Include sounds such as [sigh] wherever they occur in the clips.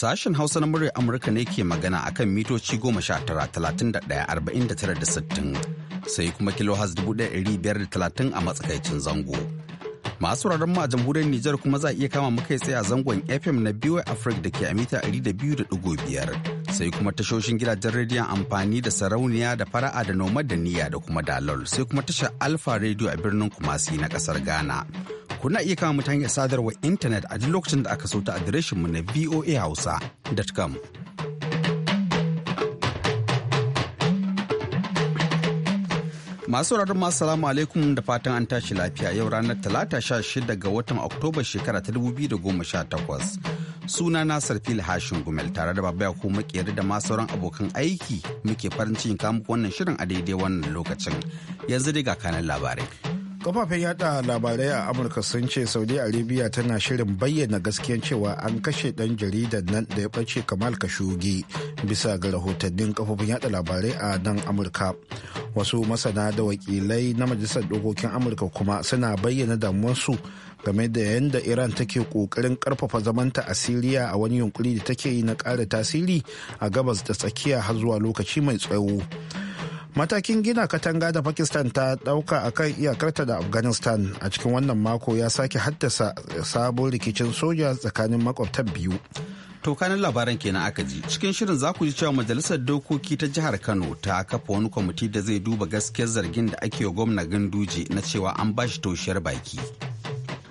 Sashen Hausa na muryar Amurka ne ke magana a kan mitoci goma sha tara talatin sai kuma kilohaz dubu ɗaya a matsakaicin zango. Masu wuraren ma a jamhuriyar Nijar kuma za a iya kama muka tsaye a zangon FM na BY Africa da ke a mita biyar. sai kuma tashoshin gidajen rediyon amfani da sarauniya da fara'a da noma da niyya da kuma dalol sai kuma tashar alfa rediyo a birnin kumasi na kasar ghana kuna iya kama mutane sadarwar intanet a duk lokacin da aka so ta adireshinmu na hausa.com. Masu sauraron masu salamu alaikum da fatan an tashi lafiya yau ranar talata sha shida ga watan Oktoba shekara ta dubu biyu da goma sha takwas. Suna na Sarfil Hashin Gumel tare da Baba ko Makeri da masu sauran abokan aiki muke farin cikin kamu wannan shirin a daidai wannan lokacin. Yanzu dai ga kanan labarai. kafafen yada labarai a amurka sun ce saudi arabia tana shirin bayyana gaskiyan cewa an kashe dan jaridan nan da ya ɓace kamal kashugi bisa ga rahotannin kafafen yada labarai a nan amurka wasu masana da wakilai na majalisar dokokin amurka kuma suna bayyana damuwarsu game da yadda iran take kokarin karfafa zamanta a siriya a wani yunkuri da take yi na ƙara tasiri a gabas da tsakiya har zuwa lokaci mai tsawo matakin gina katanga da pakistan ta dauka a kan iyakarta da afghanistan a cikin wannan mako ya sake haddasa sabon rikicin soja tsakanin makwabtan biyu to kanin labaran kenan aka ji cikin shirin za ku ji cewa majalisar dokoki ta jihar kano ta kafa wani kwamiti da zai duba gaskiyar zargin da ake wa gwamna ganduje na cewa an ba bashi toshiyar baki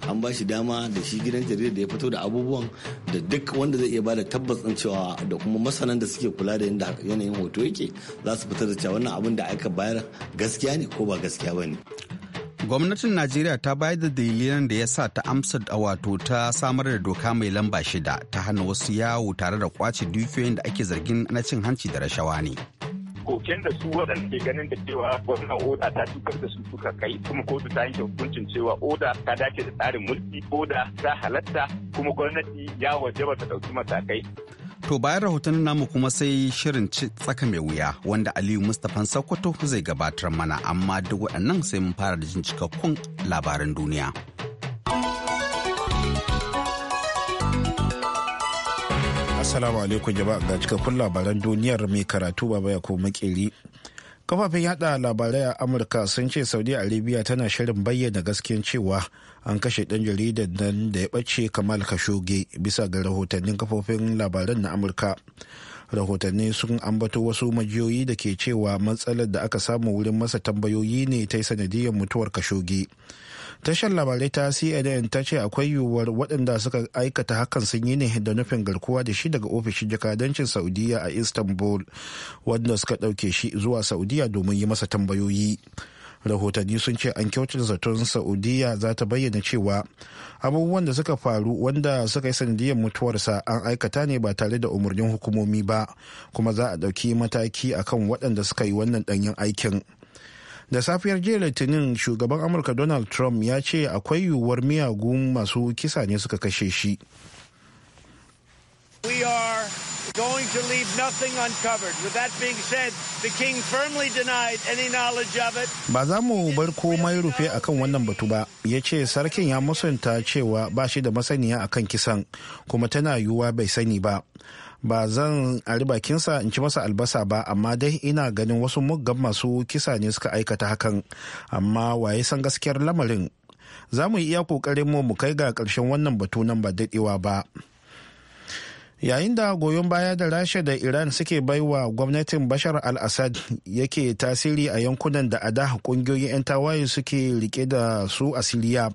an ba shi dama da shi gidan jarida da ya fito da abubuwan da duk wanda zai iya bada tabbas din cewa da kuma masanan da suke kula da yadda yanayin hoto yake za su fitar da cewa wannan abin da aka bayar gaskiya ne ko ba gaskiya ba ne. gwamnatin najeriya ta bayar da dalilan da ya sa ta amsa wato ta samar da doka mai lamba shida ta hana wasu yawo tare da kwace dukiyoyin da ake zargin na cin hanci da rashawa ne. koken da su waɗanda ke ganin da cewa wannan oda ta tukar da su suka kai kuma kotu ta yanke hukuncin cewa oda ta dace da tsarin mulki oda ta halatta kuma gwamnati ya wajaba ta ɗauki matakai. To bayan rahoton namu kuma sai shirin tsaka mai wuya wanda Aliyu Mustapha Sokoto zai gabatar mana amma duk waɗannan sai mun fara da jin cikakkun labaran duniya. Assalamu alaikum jama'a ga cikakkun labaran duniyar mai karatu baba ya ko makeri. Kafafen yada labarai a Amurka sun ce Saudi Arabia tana shirin bayyana gaskiyan cewa an kashe ɗan jaridan nan da ya ɓace Kamal Khashoggi bisa ga rahotannin kafofin labaran na Amurka. Rahotanni sun ambato wasu majiyoyi da ke cewa matsalar da aka samu wurin masa tambayoyi ne ta yi sanadiyar mutuwar Khashoggi. tashar labarai ta cnn ta ce akwai yiwuwar waɗanda suka aikata hakan sun yi ne da nufin garkuwa da shi daga ofishin jakadancin saudiya a istanbul wanda suka ɗauke shi zuwa saudiya domin yi masa tambayoyi rahotanni sun ce an kyautar zaton saudiya za ta bayyana cewa abubuwan da suka faru wanda suka yi sanadiyar mutuwarsa an aikata ne ba tare da umarnin hukumomi ba kuma za a ɗauki mataki akan waɗanda suka yi wannan ɗanyen aikin da safiyar jiya litinin shugaban amurka donald trump ya ce akwai yiwuwar miyagun masu kisa ne suka kashe shi We going to leave nothing uncovered. With that being said, the king firmly denied any knowledge of it. Ba za mu bar komai rufe akan wannan batu ba, ya ce sarkin ya musanta cewa ba shi da masaniya akan kisan, kuma tana yiwuwa bai sani ba. ba zan ari bakinsa in ci masa albasa ba amma dai ina ganin wasu muggan masu kisa ne suka aikata hakan amma waye san gaskiyar lamarin za mu yi iya kokarin mu mu kai ga ƙarshen wannan batu nan ba daɗewa ba yayin da goyon baya da rasha da iran suke baiwa gwamnatin bashar al-assad yake tasiri a yankunan da ada ƙungiyoyin 'yan tawaye suke rike da su a siriya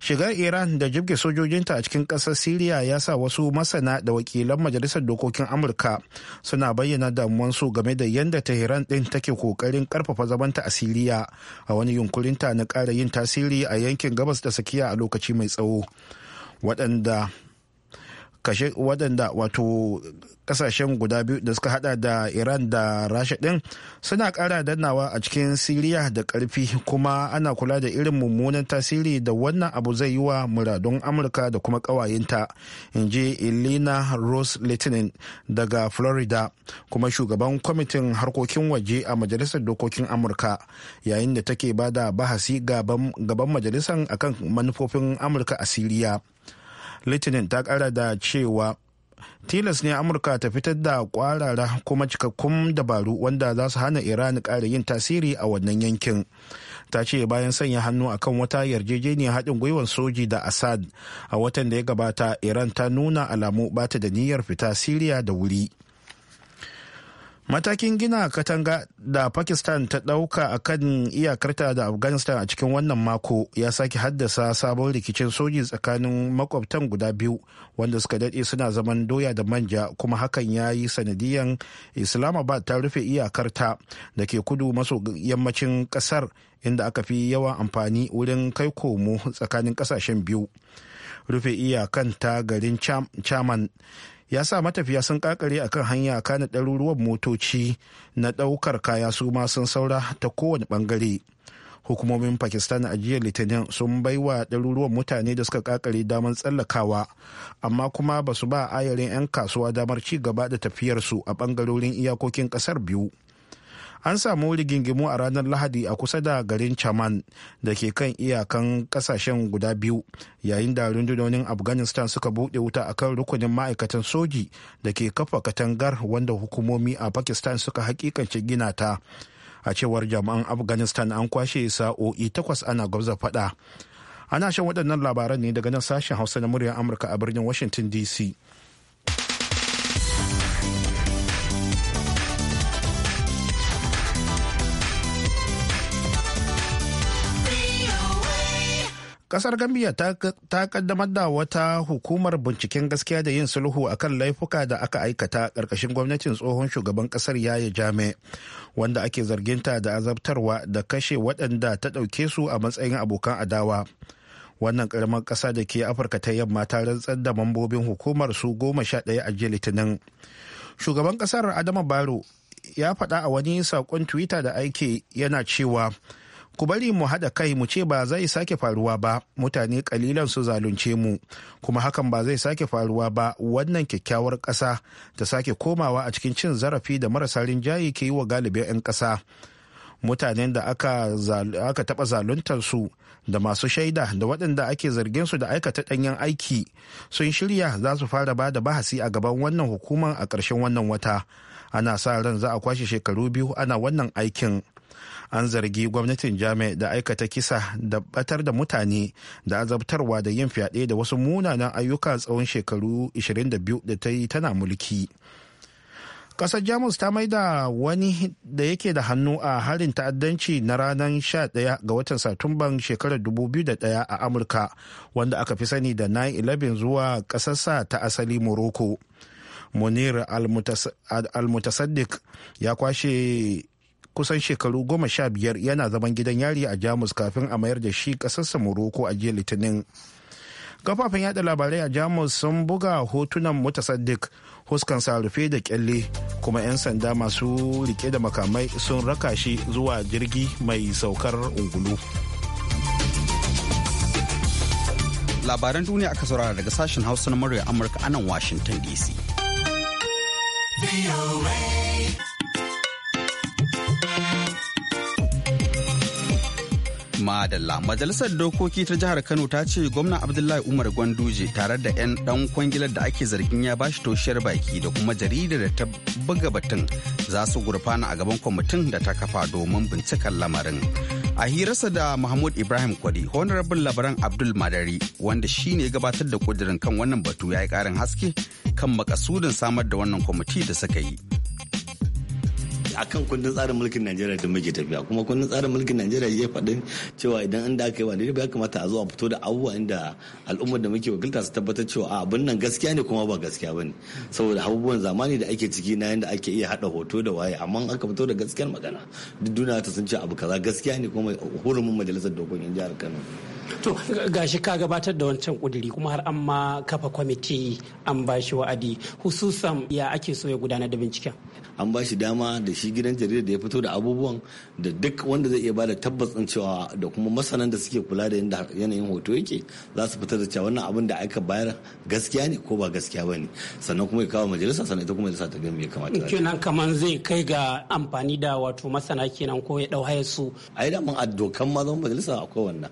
shigar iran da jibge sojojinta a cikin ƙasar siriya ya sa wasu masana da wakilan majalisar dokokin amurka suna bayyana damuwansu game da yadda tehran ɗin take ƙoƙarin ƙarfafa zamanta a siriya a wani yunkurinta na ƙara yin tasiri a yankin gabas da tsakiya a lokaci mai tsawo waɗanda kashe waɗanda wato kasashen guda biyu da suka hada da iran da rasha ɗin suna kara dannawa a cikin siriya da karfi kuma ana kula da irin mummunan tasiri da wannan abu zai yi wa muradun amurka da kuma ƙawayenta in ji elena rose litinin daga florida kuma shugaban kwamitin harkokin waje a majalisar dokokin amurka yayin da take bada bahasi gaban majalisar akan manufofin amurka a siriya litinin ta kara da cewa tilas ne amurka ta fitar da kwarara kuma cikakkun dabaru wanda za su hana iran ƙara yin tasiri a wannan yankin ta ce bayan sanya hannu akan wata yarjejeniyar haɗin gwiwar soji da assad a watan da ya gabata iran ta nuna alamu bata da niyyar fita siriya da wuri matakin gina katanga da pakistan ta ɗauka a kan iyakarta da afghanistan a cikin wannan mako ya sake haddasa sabon rikicin soji tsakanin makwabtan guda biyu wanda suka dade suna zaman doya da manja kuma hakan ya yi sanadiyan islamabad ta rufe iyakarta da ke kudu maso yammacin kasar inda aka fi yawan amfani wurin kai komo tsakanin kasashen biyu rufe iyakan ta garin chaman ya sa matafiya sun kakare a kan hanya kana ɗaruruwan motoci na ɗaukar kaya su ma sun saura ta kowane ɓangare hukumomin pakistan a jiya litinin sun bai wa ɗaruruwan mutane da suka kakare damar tsallakawa amma kuma ba su ba ayarin 'yan kasuwa damar ci gaba da tafiyarsu a ɓangarorin iyakokin ƙasar biyu an samu rigingimu a ranar lahadi a kusa da garin chaman da ke kan iyakan kasashen guda biyu yayin da rundunonin afghanistan suka buɗe wuta a kan rukunin ma'aikatan soji da ke kafa katangar wanda hukumomi a pakistan suka hakikance gina ta a cewar jami'an afghanistan an kwashe sa'o'i takwas ana gwabza faɗa ana shan waɗannan labaran ne daga nan sashen hausa na muryar amurka a birnin washington dc kasar gambia ta kaddamar da wata hukumar binciken gaskiya da yin sulhu a kan laifuka da aka aikata karkashin gwamnatin tsohon shugaban kasar yaya jame wanda ake zarginta da azabtarwa da kashe waɗanda ta ɗauke su a matsayin abokan adawa wannan ƙaramar ƙasa da ke afirka ta yamma ta rantsar da mambobin hukumar su goma sha ɗaya a jiya litinin shugaban ƙasar adama baro ya faɗa a wani saƙon twitter da aiki yana cewa ku bari mu haɗa kai mu ce ba zai sake faruwa ba mutane ƙalilan su zalunce mu kuma hakan ba zai sake faruwa ba wannan kyakkyawar ƙasa ta sake komawa a cikin cin zarafi da marasa rinjaye ke yi wa galibin 'yan ƙasa mutanen da aka, aka taɓa zaluntar su da masu shaida da waɗanda ake zargin su da aikata ɗanyen aiki sun shirya za su fara ba da bahasi a gaban wannan hukumar a ƙarshen wannan wata ana sa ran za a kwashe shekaru biyu ana wannan aikin an zargi gwamnatin jami'a da aikata kisa da batar da mutane da azabtarwa da yin fyaɗe da wasu munanan ayyuka tsawon shekaru 22 da ta yi tana mulki ƙasar jamus ta maida wani da yake da hannu a harin ta'addanci na ranar 11 ga watan satumban shekarar 2001 a amurka wanda aka fi sani da 9-11 zuwa ƙasarsa ta asali morocco munir al-mutasaddiq ya kwashe kusan shekaru goma sha biyar yana zaman gidan yari a jamus kafin a mayar da shi kasarsa morocco a jiya litinin kafafen yada labarai a jamus sun buga hotunan mutasaddik huskansa rufe da kyalle kuma 'yan sanda masu rike da makamai sun raka shi zuwa jirgi mai saukar ungulu labaran duniya aka saurara daga sashen hausa na murya amurka anan washington dc Madalla Majalisar Dokoki ta Jihar Kano ta ce gwamna Abdullahi Umar Gwanduje tare da 'yan dan kwangilar da ake zargin ya bashi toshiyar baki da kuma jaridar da ta buga batun za su gurfana a gaban kwamitin da ta kafa domin binciken lamarin. A hirarsa da Mahmud Ibrahim Kwadi, Honorable Labaran Abdul Madari, wanda shi ne gabatar da kudirin kan wannan batu ya yi ƙarin haske kan makasudin samar da wannan kwamiti da suka yi. akan kundin tsarin mulkin Najeriya da muke tafiya kuma kundin tsarin mulkin Najeriya ya faɗi cewa idan an da aka yi ba ne ba ya kamata a zo a fito da abubuwa inda al'ummar da muke wakilta su tabbatar cewa a abin nan gaskiya ne kuma ba gaskiya bane saboda abubuwan zamani da ake ciki na yanda ake iya hada hoto da waye amma aka fito da gaskiyar magana duk duniya ta san cewa abu kaza gaskiya ne kuma hurumin majalisar dokokin jihar Kano to gashi ka gabatar da wancan kuduri kuma har an ma kafa kwamiti an bashi wa'adi hususan ya ake so ya gudanar da binciken an ba shi dama da shi gidan jarida da ya fito da abubuwan da duk wanda zai iya bada tabbas cewa da kuma masanan da suke kula da yanayin hoto yake za su fitar da cewa wannan abin da aka bayar gaskiya ne ko ba gaskiya ba ne sannan kuma ya kawo majalisa sannan ita kuma majalisa ta gami ya kamata kenan kaman zai kai ga amfani da wato masana kenan ko ya dau hayar su a da mun a dokan ma zama majalisa akwai wannan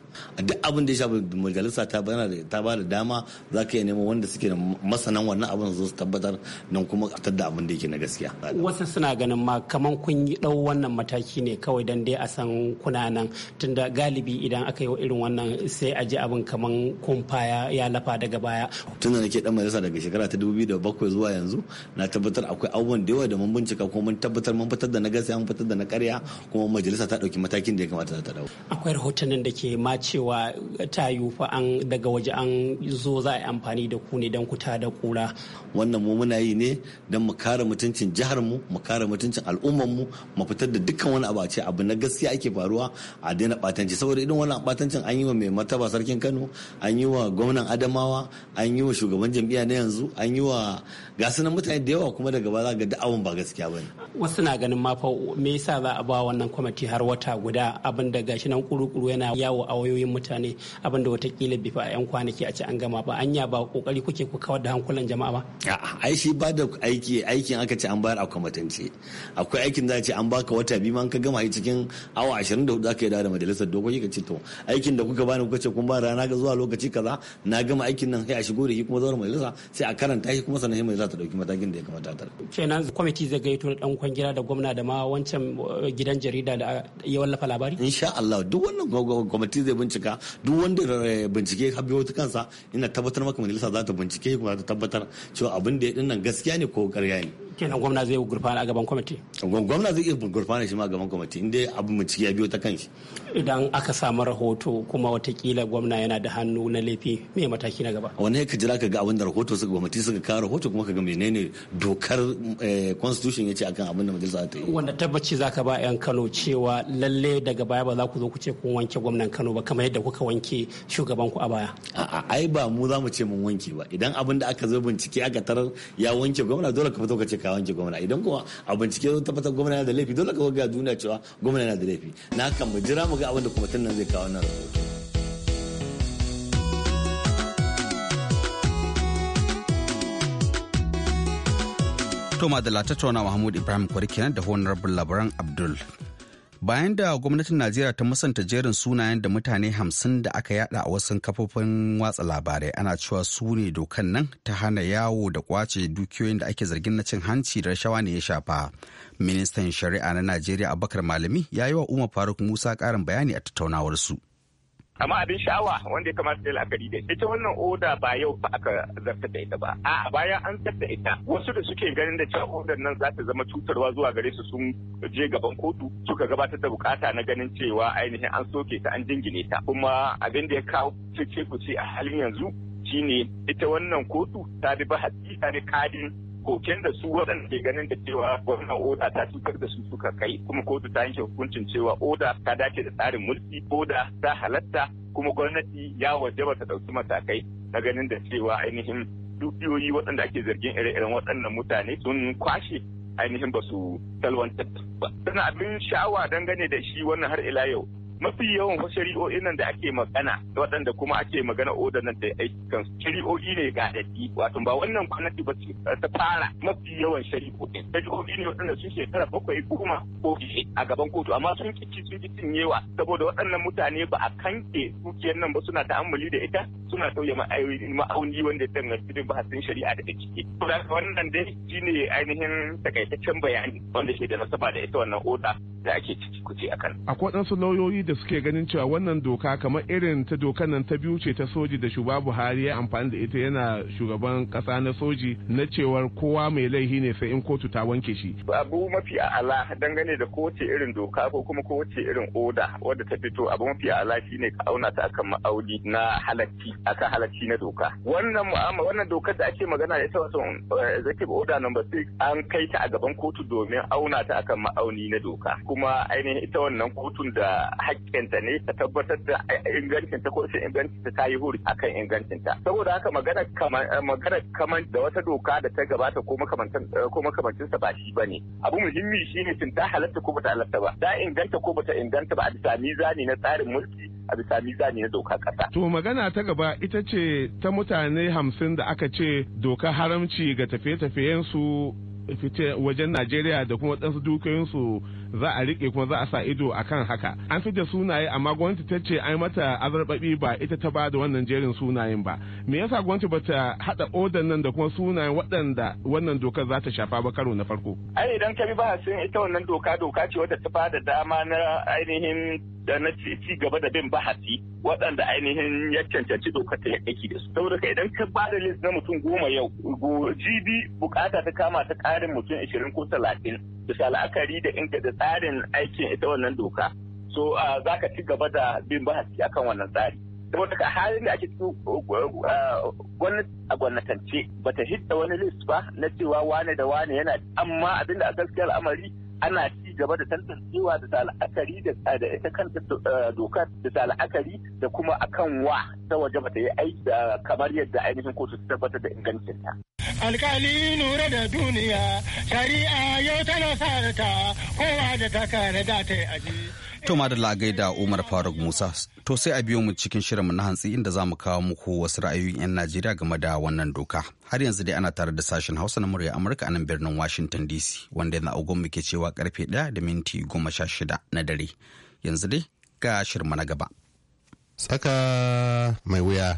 duk abin da ya shafi majalisa ta bana ta ba da dama za ka iya nemo wanda suke da masanan wannan abin su tabbatar nan kuma a tadda abin da yake na gaskiya wasu suna ganin ma kaman kun yi ɗau wannan mataki ne kawai don dai a san kuna nan tunda galibi idan aka yi irin wannan sai a ji abin kaman kumfa ya lafa daga baya. Tun da nake dan majalisa daga shekara ta 2007 zuwa yanzu na tabbatar akwai abubuwan da yawa da mun bincika kuma mun tabbatar mun fitar da na gaskiya mun fitar da na ƙarya kuma majalisa ta dauki matakin da ya kamata ta dawo. Akwai rahotannin da ke ma cewa ta fa an daga waje an zo za a yi amfani da ku ne don ku ta da kura. Wannan mu muna yi ne don mu kare mutuncin jihar mu mu kare mutuncin al'ummar mu mu fitar da dukkan wani abu a ce abu na gaskiya ake faruwa a daina batanci saboda idan wannan batancin an yi wa mai mataba sarkin Kano an yi wa gwamnan Adamawa an yi wa shugaban jam'iyya na yanzu an yi wa gasunan mutane da yawa kuma daga ba za ga da'awun ba gaskiya bane wasu na ganin ma fa me yasa za a ba wannan kwamiti har wata guda abin da gashi nan kuru-kuru yana yawo a wayoyin mutane abin da watakila bifa a 'yan kwanaki a ce an gama ba anya ba kokari kuke ku kawar da hankulan jama'a ba a'a ai shi ba da aiki aikin aka ce an bayar a kwamiti gwamnatance akwai aikin za ce an baka wata biyu man ka gama yi cikin awa 24 za ka yi da majalisar dokoki ka ce to aikin da kuka bani kuka ce kun ba rana ga zuwa lokaci kaza na gama aikin nan sai a shigo da shi kuma zauna majalisa sai a karanta shi kuma sannan majalisa ta dauki matakin da ya kamata ta kenan kwamiti zai gaito da dan kwangila da gwamna da ma wancan eh, gidan jarida da eh, ya wallafa labari insha Allah duk wannan kwamiti zai bincika duk wanda bincike ka biyo kansa ina tabbatar maka majalisa za ta bincike kuma za ta tabbatar cewa abin da ya dinnan gaskiya ne ko ƙarya ne kenan gwamna zai gurfana a gaban kwamiti gwamna zai iya gurfana shi ma a gaban kwamiti inda abu bincike ya biyo ta kanshi idan aka samu rahoto kuma watakila gwamna yana da hannu na laifi me mataki na gaba wani ka jira ka ga abin da rahoto suka gwamnati suka kawo rahoto kuma ka ga menene dokar eh, constitution ya ce akan abin da majalisa ta yi wanda tabbaci za ka ba yan kano cewa lalle daga baya ba za ku zo ku ce kun wanke gwamnan kano ba kamar yadda kuka wanke shugaban ku a baya a'a ai ba mu za mu ce mun wanke ba idan abin da aka zo bincike aka tarar ya wanke gwamna dole ka fito ka ce ka wanke gwamna idan kuma a bincike zo tabbatar gwamna da laifi dole ka ga duniya cewa gwamna yana da laifi na haka mu jira mu ga abin da kuma tunan zai kawo nan toma da Madalla tattauna Mahmud Ibrahim Kwari kenan da honorable labaran Abdul bayan da gwamnatin najeriya ta musanta jerin sunayen da mutane hamsin da aka yada a wasu kafofin watsa labarai ana cewa su ne dokan nan ta hana yawo da kwace dukiyoyin da ake zargin na cin hanci da rashawa ne ya shafa ministan shari'a na najeriya abubakar malami ya yi wa umar faruk musa karin bayani a tattaunawarsu. su amma abin sha'awa wanda ya kamata da la'akari da ita wannan oda ba yau ba aka zartar da ita ba a bayan an da ita wasu da suke ganin da cewa odar nan za ta zama cutarwa zuwa gare su sun je gaban kotu suka gabatar da bukata na ganin cewa ainihin an soke ta an jingine ta kuma abin da ya kawo cece kuce a halin yanzu shine ita wannan kotu ta bi bahasi ta bi kadin koken da su waɗanda ke ganin da cewa wannan oda ta cutar da su suka kai kuma kotu ta yanke hukuncin cewa oda ta dace da tsarin mulki oda ta halatta kuma gwamnati ya wajaba ta ɗauki matakai na ganin da cewa ainihin dukiyoyi waɗanda ake zargin ire-iren waɗannan mutane sun kwashe ainihin ba su salwantar ba. Tana abin sha'awa dangane da shi wannan har ila yau mafi yawan wasu shari'o'in nan da ake magana waɗanda kuma ake magana odar nan da aikin shari'o'i ne ga dadi wato ba wannan gwamnati ba ce ta fara mafi yawan shari'o'in shari'o'i ne waɗanda sun shekara bakwai kuma ko a gaban kotu amma sun kici sun ki cinyewa saboda waɗannan mutane ba a kanke dukiyar nan ba suna amali da ita suna sauya ma'auni wanda ya danganci a bahasin shari'a da ciki. wannan dai shi ne ainihin takaitaccen bayani wanda ke da nasaba da ita wannan oda da ake ciki kuce akan. Akwai ɗansu lauyoyi da suke ganin cewa wannan doka kamar irin ta dokan nan ta biyu ce ta soji da shugaba buhari ya amfani da ita yana shugaban kasa na soji na cewar kowa mai laihi ne sai in kotu ta wanke shi abu mafi ala dangane da kowace irin doka ko kuma kowace irin oda wadda ta fito abu mafi ala shine ka auna ta akan ma'auni na halacci akan halacci na doka wannan wannan dokar da ake magana da ita wato eh, executive order number 6 an kai ta a gaban kotu domin auna ta akan ma'auni na doka kuma ainihin ita wannan kotun da hakkinta ne ta tabbatar da ingancinta ko shi ingancinta ta yi huri akan ingancinta saboda haka magana eh, magana kaman da wata doka da ta gabata ko makamantan eh, ko makamancin ba shi bane abu muhimmi shine tun ta halatta ko bata halatta ba ta inganta ko bata inganta ba a bisa mizani na tsarin mulki a bisa mizani na doka kasa to magana ta gaba ita ce ta mutane hamsin da aka ce doka haramci ga tafiye-tafiyen su wajen Najeriya da kuma waɗansu dukiyoyinsu za a riƙe kuma za a sa ido a kan haka an fi da sunaye amma gwamnati ta ce ai mata azarbabi ba ita ta bada wannan jerin sunayen ba me yasa gwamnati ta haɗa odan nan da kuma sunayen waɗanda wannan dokar za ta shafa ba karo na farko ai idan ka bi bahasin ita wannan doka doka ce wadda ta bada dama na ainihin da na ci gaba da bin bahasi waɗanda ainihin ya cancanci dokar ta aiki da su saboda ka idan ka ba da list na mutum goma yau jibi bukata ta kama ta ƙarin mutum ashirin ko talatin bisa la'akari da inga da tsarin aikin ita wannan doka so uh, za ka ci gaba da bin bahasi akan wannan tsari saboda ka halin da ake cikin uh, uh, gwamnati a gwamnatance ba ta hidda wani list ba na cewa wane da wane yana amma abinda a gaskiya al'amari ana ci gaba da tantancewa da ta la'akari da ita kanta dokar da ta la'akari da kuma akan wa ta waje ba ta yi aiki da kamar yadda ainihin kotu ta tabbatar da ingancinta. Alkali nura da duniya shari'a yau tana sarata kowa da ta kare da ta yi aji. To da gaida Umar Faruk Musa to sai a biyo mu cikin shirinmu na hantsi inda za mu kawo muku wasu ra'ayoyin 'yan Najeriya game da wannan doka. Har yanzu dai ana tare da sashen Hausa na murya Amurka a nan birnin Washington DC wanda yana agon muke cewa karfe 1 da minti 16 na dare. Yanzu dai ga shirma na gaba. tsaka mai wuya.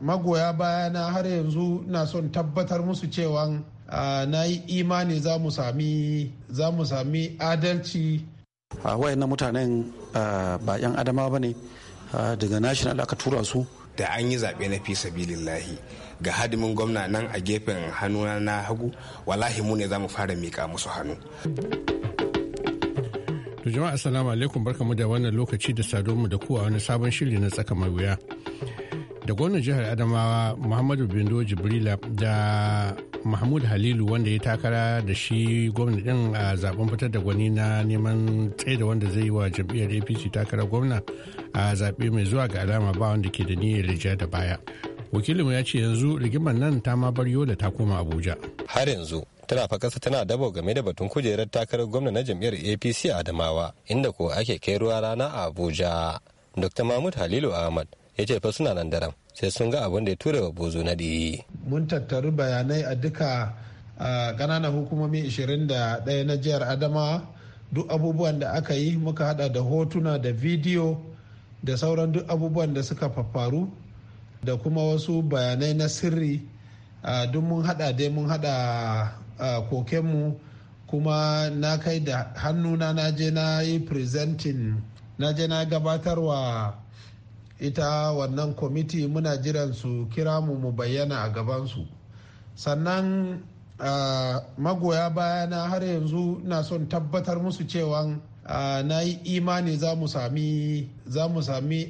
magoya baya na har yanzu na son tabbatar musu cewa na yi imani za mu sami adalci a na mutanen ba 'yan adama ba ne daga national aka tura su da an yi zaɓe na fi sabilillahi ga hadimin gwamna nan a gefen hannu na hagu walahi mu ne za mu fara miƙa musu hannu To jama'a assalamu alaikum mu da wannan lokaci da sado mu da ku a wani sabon shiri na tsaka mai wuya. Da gwamnan jihar Adamawa Muhammadu Bindo Jibrila da Mahmud Halilu wanda ya takara da shi gwamna din a zaben fitar da gwani na neman tsaye wanda zai yi wa jam'iyyar APC takara gwamna a zaɓe mai zuwa ga alama ba wanda ke da niyyar rija da baya. Wakilinmu ya ce yanzu rigimar nan ta ma bar yola ta koma Abuja. Har yanzu tana fakasa tana dabo game da batun kujerar takarar gwamna na jam'iyyar apc adamawa inda ko ake kai ruwa rana a abuja dr mahmud halilu ahmad ya ce fa suna nan daram sai sun ga abin da ya tura wa bozo na ɗi. mun tattaru bayanai a duka ƙananan hukumomi 21 na jihar adamawa duk abubuwan da aka yi muka hada da hotuna da bidiyo da sauran duk abubuwan da suka faru da kuma wasu bayanai na sirri duk mun hada dai mun hada mu kuma na kai da hannuna na je na yi presenting na je na gabatarwa ita wannan kwamiti muna jiran su kira mu mu bayyana a gabansu sannan magoya magoya bayana har yanzu na son tabbatar musu cewa na yi imani za mu sami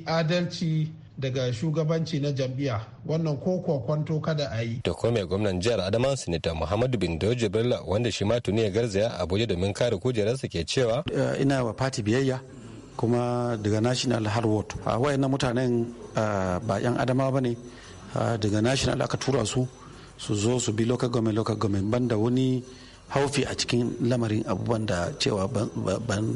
adalci daga shugabanci na jam'iyya wannan ko kwanto kada a yi. Da kome gwamnan jihar Adama Sinita Muhammadu bin dojo Bello wanda shi ma tuni ya garzaya Abuja domin kare kujerarsa ke cewa. Eh, ina wa fati biyayya kuma daga National har Ward. Ah, na mutanen ah, ba 'yan Adama ba ne ah, daga National aka tura su su zo su bi local government local government banda wani haufi a cikin lamarin abubuwan da cewa ban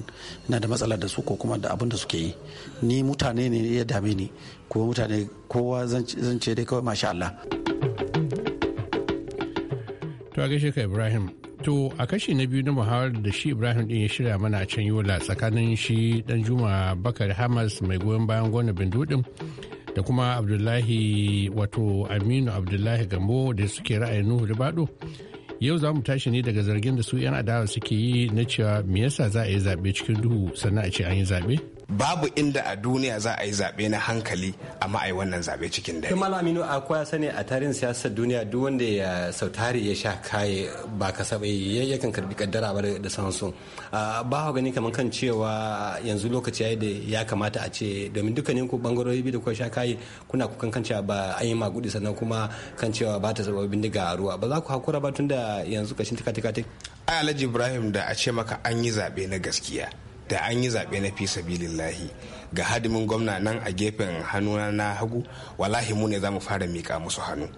na da matsala da su ko kuma da abin da suke yi ni mutane ne ya dame ni kuma mutane kowa zan ce dai kawai masha Allah. to a gaishe ka ibrahim to a kashi na biyu na muhawar da shi ibrahim din ya shirya mana a can yola tsakanin shi dan juma bakar hamas mai goyon bayan gona bindudin da kuma abdullahi wato aminu abdullahi gambo da suke ra'ayin nuhu ribado yau za mu tashi ne daga zargin da su 'yan adawa suke yi na cewa me yasa za a yi zaɓe cikin duhu sannan a ce an yi zaɓe babu inda a duniya za a yi zaɓe na hankali amma a yi wannan zaɓe cikin dare. Kuma Aminu akwai sani a tarihin siyasar duniya duk wanda ya sautari ya sha kaye ba kasafai yakan karbi kaddara ba da sansu. Ba hau gani kamar kan cewa yanzu lokaci ya da ya kamata a ce domin dukkanin ku bangarori biyu da kuka sha kaye kuna kukan kan cewa ba an yi magudi sannan kuma kan cewa ba ta zaba bindiga a ruwa ba za ku hakura ba tun da yanzu kashin tika tika Ai Alhaji Ibrahim da a ce maka an yi zaɓe na gaskiya. da an yi zaɓe na fi sabilillahi ga hadimin gwamna nan a gefen hannu na hagu wallahi mu ne za mu fara miƙa musu hannu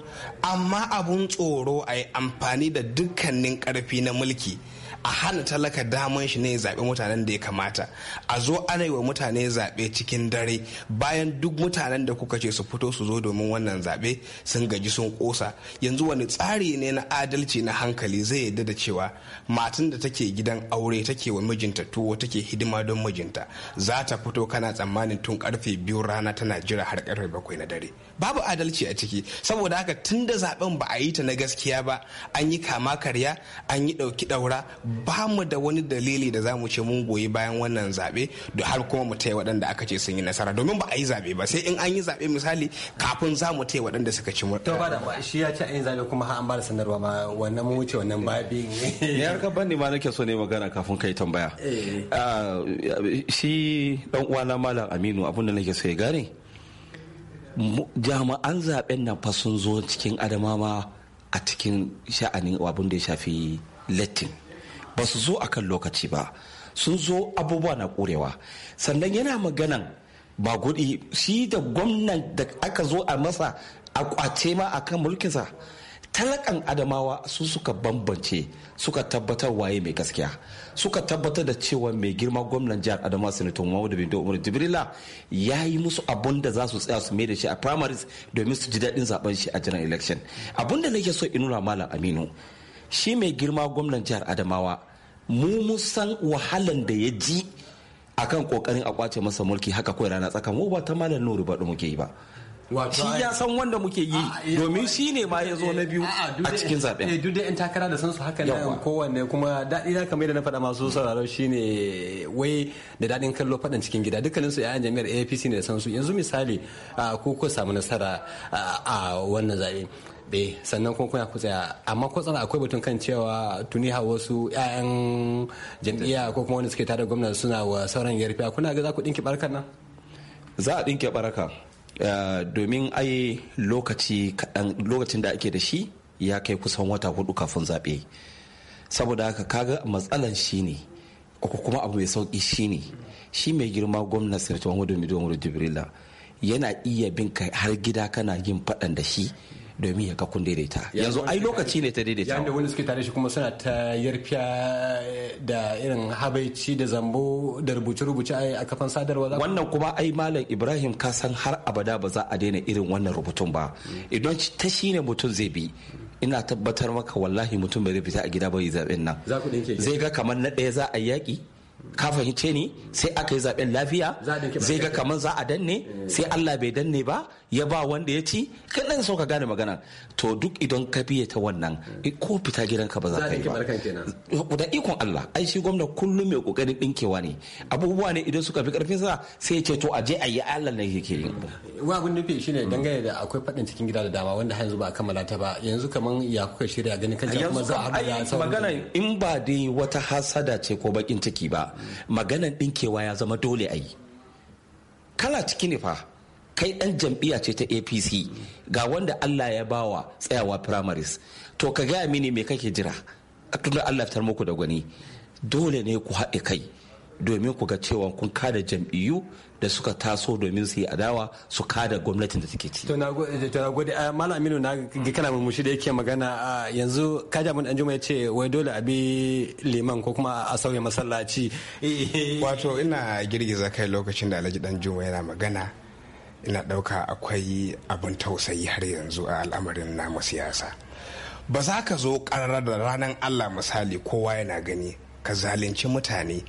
amma abun tsoro a yi amfani da dukkanin ƙarfi na mulki a hana talaka daman shi ne ya mutanen da ya kamata a zo ana yi wa mutane zaɓe cikin dare bayan duk mutanen da kuka ce su fito su zo domin wannan zaɓe sun gaji sun ƙosa yanzu wani tsari ne na adalci na hankali zai yadda da cewa matan da take gidan aure take wa mijinta tuwo take hidima don mijinta za ta fito kana tsammanin tun karfe biyu rana tana jira har karfe bakwai na dare babu adalci a ciki saboda haka tun da zaɓen ba a yi ta na gaskiya ba an yi kama karya an yi ɗauki ɗaura ba mu da wani dalili da za mu ce mun goyi bayan wannan zaɓe da har kuma mu taya waɗanda aka ce sun yi nasara domin ba a yi zaɓe ba sai in an yi zaɓe misali kafin za mu taya waɗanda suka ci mu. to ba da shi ya ce an yi zaɓe kuma har an ba da sanarwa ma wannan mu wuce wannan babi. ne har ka bani ma nake so ne magana kafin kai tambaya. Eh. Ah, shi dan uwana malam aminu abun da nake so ya gane. jami'an zaben nan fa sun zo cikin adamawa a cikin sha'anin abin da ya shafi latin ba su zo kan lokaci ba sun zo abubuwa na ƙurewa sannan yana maganan ba gudi shi da gwamnan da aka zo a masa a kwace ma a kan mulkinsa talakan adamawa su suka bambance suka tabbatar waye mai gaskiya suka tabbatar da cewa mai girma gwamnan jihar adamawa sanato da bindo umar jibrila ya yi musu abun da za su tsaya su mai da shi a primaries domin su ji daɗin zaben shi a general election abun da nake so in nuna malam aminu shi mai girma gwamnan jihar adamawa mu musan wahalan da ya ji akan kokarin a kwace masa mulki haka kawai rana tsakan mu ba ta malam nuru ba muke yi ba shi ya san wanda muke yi eh, domin shi ne ma ya zo na eh, biyu a cikin zaben eh, duk da in takara da san su haka nan kowanne kuma daɗi na kamar da na faɗa masu sauraro ne wai da daɗin kallo faɗan cikin gida dukkanin su yayan jami'ar APC ne da san yanzu misali ko ko samu nasara a wannan zaɓe. sannan kuma kuna ku tsaya amma ko tsara akwai batun kan cewa tuni ha wasu 'ya'yan jam'iyya ko kuma wanda suke tare gwamna suna wa sauran yarfiya kuna ga za ku dinke barkar nan za a ɗinke baraka eh, domin ai lokaci lokacin da ake da shi ya kai kusan wata hudu kafin zaɓe saboda haka kaga matsalan shi ne ko kuma abu mai sauki shi ne shi mai girma gwamna sirtu muhammadu mido jibrila yana iya bin ka har gida kana yin faɗan da shi domin ya ga kun daidaita yanzu ai lokaci ne ta daidaita yanda wani suke tare shi kuma suna ta yarfiya eh, da irin habaici da zambo da rubuce-rubuce a kafan sadarwa wannan kuma ai malam ibrahim ka san har abada ba za a daina irin wannan rubutun ba idan ta shine mutum zai bi ina tabbatar maka wallahi mutum bai fita a gida bai zaben nan zai ga kamar na ɗaya za a yaƙi ka fahimce ni sai aka yi zaben lafiya zai ga kamar za a danne eh. sai Allah bai danne ba ya ba wanda ya ci kadan sauka gane magana to duk idan ka biye ta wannan eh, ko fita ka ba za ka yi ba da ikon Allah ai shi gwamna kullum mai kokarin dinkewa ne abubuwa ne idan suka fi karfin sa sai ya ce to a je a yi Allah ne yake yin wa abin nufi shine mm. dangane da akwai fadin cikin gida da dama wanda har yanzu ba kammala ta ba yanzu kaman ya kuka shirya ganin kan kuma za a magana in ba dai wata hasada ce ko bakin ciki ba maganan ɗinkewa ya zama dole a yi kana ciki ne fa kai ɗan jam'iyya ce ta apc ga wanda allah ya bawa tsayawa primaries to ka gaya mini me kake jira tunda allah fitar muku da gwani dole ne ku haɗe kai domin ku ga cewa kun kada jam'iyyu da suka taso domin su yi adawa su kada gwamnatin da suke ci. To na gode ah, Malam Aminu na ga kana murmushi da yake magana ah, yanzu kaji abin Anjuma ya ce wai dole a bi liman ko kuma a sauya masallaci. [laughs] Wato ina girgiza kai lokacin da Alhaji Danjuma yana magana ina ɗauka akwai abin tausayi har yanzu a al'amarin namu siyasa. Ba za ka zo karar da ranar Allah misali kowa yana gani ka zalunci mutane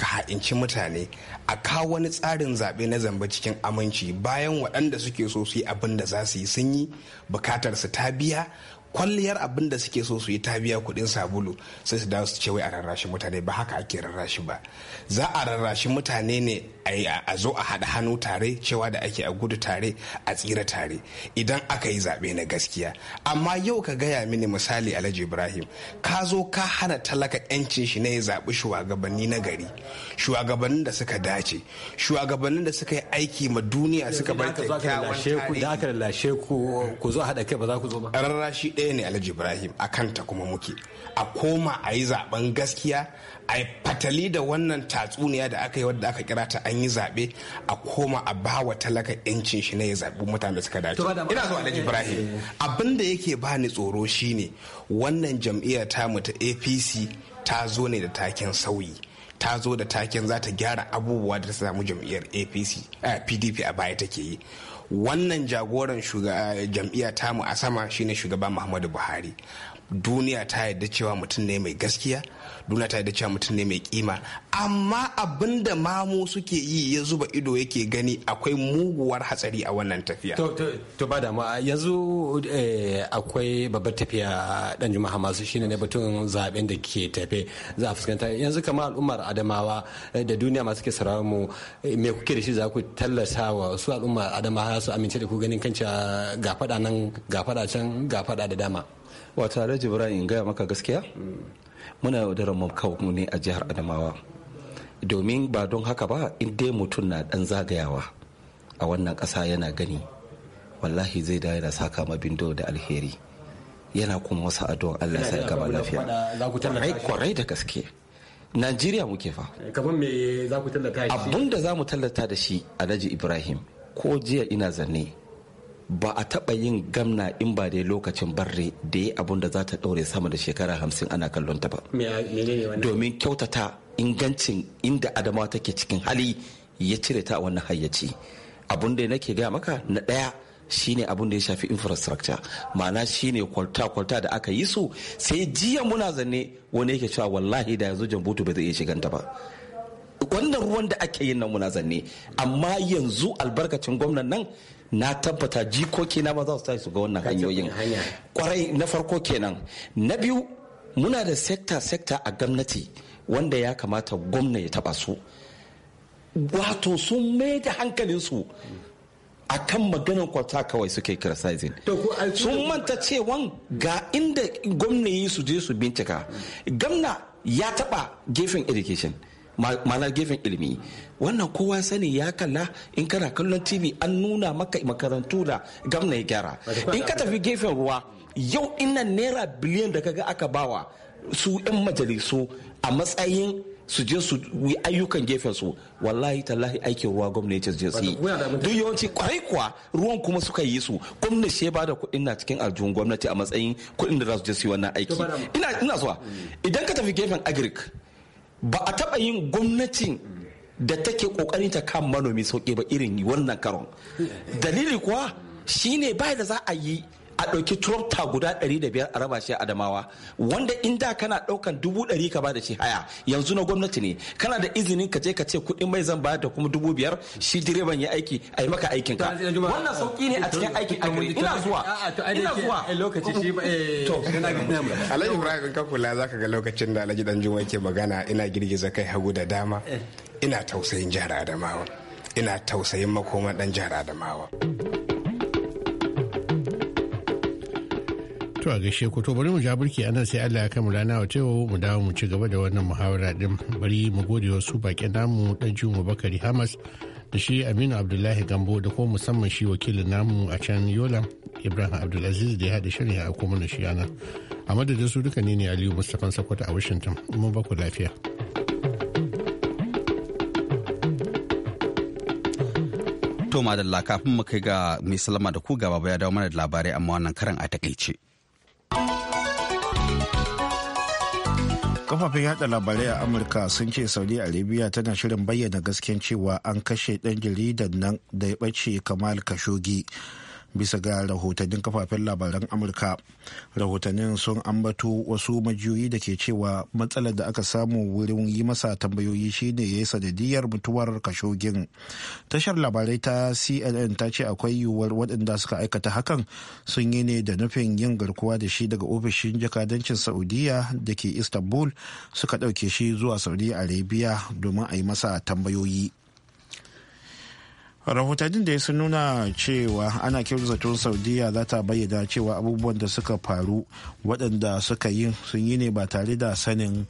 ka ha'inci mutane a kawo wani tsarin zaɓe na zamba cikin aminci bayan waɗanda suke so su yi abin da za su yi sun yi bukatar su ta biya kwalliyar abin da suke so su yi ta biya kuɗin sabulu sai su dawo su ce wai a rarrashi mutane ba haka ake rarrashi ba za a rarrashi mutane ne a zo a haɗa hannu tare cewa da ake a gudu tare a tsira tare idan aka yi zaɓe na gaskiya amma yau ka gaya mini misali alhaji ibrahim ka zo ka hana talaka yancin shi ne ya zaɓi shugabanni na gari shugabannin da suka dace shugabannin da suka yi aiki ma duniya suka bar kyakkyawan tarihi ku zo haɗa kai ba za ku zo ba ɗaya ne alhaji ibrahim a kanta kuma muke a koma a yi zaben gaskiya a fatali da wannan tatsuniya da aka yi wadda aka kira ta an yi zaɓe a koma a ba wa talaka yancin shi na ya zaɓi mutane da suka dace ina zuwa alhaji ibrahim eh. abin da yake ba ni tsoro shine wannan jam'iyyar tamu ta apc ta zo ne da taken sauyi ta zo da taken za ta gyara abubuwa da ta samu jam'iyyar apc pdp eh, a baya take yi wannan jagoran eh, jam'iyya tamu a sama shine shugaba muhammadu buhari duniya ta yarda cewa mutum ne mai gaskiya duniya ta yarda cewa mutum ne mai kima amma abin da mamu suke yi ya zuba ido yake gani akwai muguwar hatsari a wannan tafiya to ba dama yanzu eh, akwai babbar tafiya dan juma'a masu shine ne batun zaben da ke tafe za a fuskanta yanzu kamar al'ummar adamawa eh, da duniya masu ke sarawa mu eh, me kuke da shi za ku tallata wa su al'ummar adamawa su amince da ku ganin kanci ga fada nan ga fada can ga fada da dama wata alhaji ibrahim in gaya maka gaskiya muna da mu kawo ne a jihar adamawa domin ba don haka ba in dai mutum na dan zagayawa a wannan ƙasa yana gani wallahi zai da yana saka ma bindo da alheri yana kuma wasu addu'an Allah sai gaba lafiya kwarai da gaske Najeriya muke fa eh, kaman za abinda za mu tallata da shi Alhaji Ibrahim ko jiya ina zanne ba a taɓa yin gamna in ba dai lokacin barre da yi abun da za ta ɗaure sama da shekara hamsin ana kallon ta ba domin kyautata ingancin inda adamawa take cikin hali ya cire ta a wannan hayyaci abun da nake gaya maka na ɗaya shine abun da ya shafi infrastructure ma'ana shine kwalta-kwalta da aka yi su sai jiya muna zanne wani yake cewa wallahi da yanzu jambutu ba zai iya shiganta ba wannan ruwan da ake yin nan muna zanne amma yanzu albarkacin gwamnan nan na tabbata jikoki na ba za su tashi su ga wannan hanyoyin kwarai na farko kenan na biyu muna da sekta sekta a gwamnati wanda ya kamata gwamna ya taba su wato sun mai da hankalinsu a kan maganin kwata kawai suke criticizing sun manta cewan ga inda gwamna yi su je su bincika gwamna ya taba gefen education ma'ana gefen ilimi wannan kowa sani ya kalla in kana kallon tv an nuna maka makarantu da gamna ya gyara in ka tafi gefen ruwa yau innan naira biliyan da kaga aka bawa su 'yan majalisu a matsayin su je su yi ayyukan gefen su wallahi tallahi aikin ruwa gwamnati je su yi duk yawanci kwarai kuwa ruwan kuma suka yi su gwamnati she ba da kuɗin na cikin aljihun gwamnati a matsayin kuɗin da za su je su yi wannan aiki ina zuwa mm. idan ka tafi gefen agric ba a taɓa yin gwamnatin da take kokari ta kan manomi sauki ba irin wannan karon dalili kuwa shine bai da za a yi a ɗauki tractor guda ɗari da biyar a raba shi adamawa wanda in da kana ɗaukan dubu ɗari ka bada shi haya yanzu na gwamnati ne kana da izinin ka je ka ce kuɗin mai zan bayar da kuma dubu biyar shi direban ya aiki a yi maka aikin ka wannan sauki ne a cikin aikin agri ina zuwa ina zuwa lokaci shi ba. Eh, to alhaji ibrahim ka kula zaka ga lokacin da dan juma yake magana ina girgiza kai hagu da dama eh. ina tausayin jihar adamawa ina tausayin makoman dan jihar adamawa To a gaishe ku to bari mu ja burki anan sai Allah ya mu rana wa tewo mu dawo mu ci gaba da wannan muhawara din bari mu gode wa su bakin namu dan Juma Bakari Hamas da shi Aminu Abdullahi Gambo da kuma musamman shi wakilin namu a can Yola Ibrahim Abdulaziz da ya haɗa shirin ya aiko na shi yana. A madadin su duka ne ne Aliyu Mustapha Sokoto a Washington mun ba ku lafiya. To madalla kafin mu kai ga mai salama da ku gaba ya dawo mana da labarai amma wannan karan a takaice. kafafen yada labarai a amurka sun ce saudi arabia tana shirin bayyana gasken cewa an kashe dan jaridan nan da ya ɓace kamal kashogi bisa ga rahotannin kafafen labaran amurka rahotannin sun ambato wasu majiyoyi da ke cewa matsalar da aka samu wurin yi masa tambayoyi shine ya yi sanadiyar mutuwar kashogin tashar labarai ta cnn ta ce akwai yiwuwar waɗanda suka aikata hakan sun yi ne da nufin yin garkuwa da shi daga ofishin jakadancin saudiya da ke istanbul suka ɗauke shi zuwa saudi arabia domin a yi masa tambayoyi rahotannin da ya sun nuna cewa ana kiran zaton saudiya za ta bayyana cewa abubuwan da suka faru waɗanda suka yi sun yi ne ba tare da sanin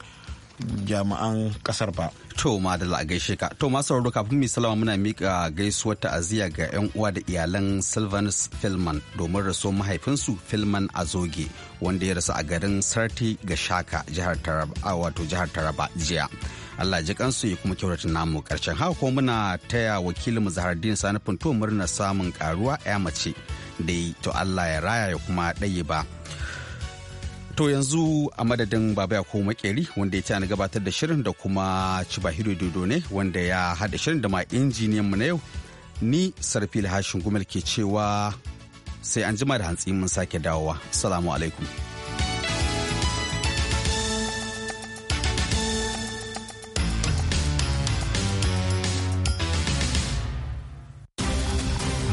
jami'an kasar ba. To ma da la'agai sheka To masu sauraro kafin mai salama muna mika gaisuwar ta'aziyya ga 'yan uwa da iyalan Sylvanus Filman domin raso mahaifinsu Filman Azoge wanda ya rasu a garin Sarti ga Shaka jihar Taraba wato jihar Taraba jiya. Allah ji kansu ya kuma kyautata namu karshen haka kuma muna taya wakilin Zahardin Sani Funto murna samun karuwa ya mace da yi to Allah ya raya ya kuma ɗaye ba. To yanzu a madadin Baba kuma Makeri wanda ya tana gabatar da shirin da kuma Cibahiro Dodo ne wanda ya haɗa shirin da ma injiniyan mu na yau ni Sarfil Hashin Gumel ke cewa sai an jima da hantsi mun sake dawowa. Salamu alaikum.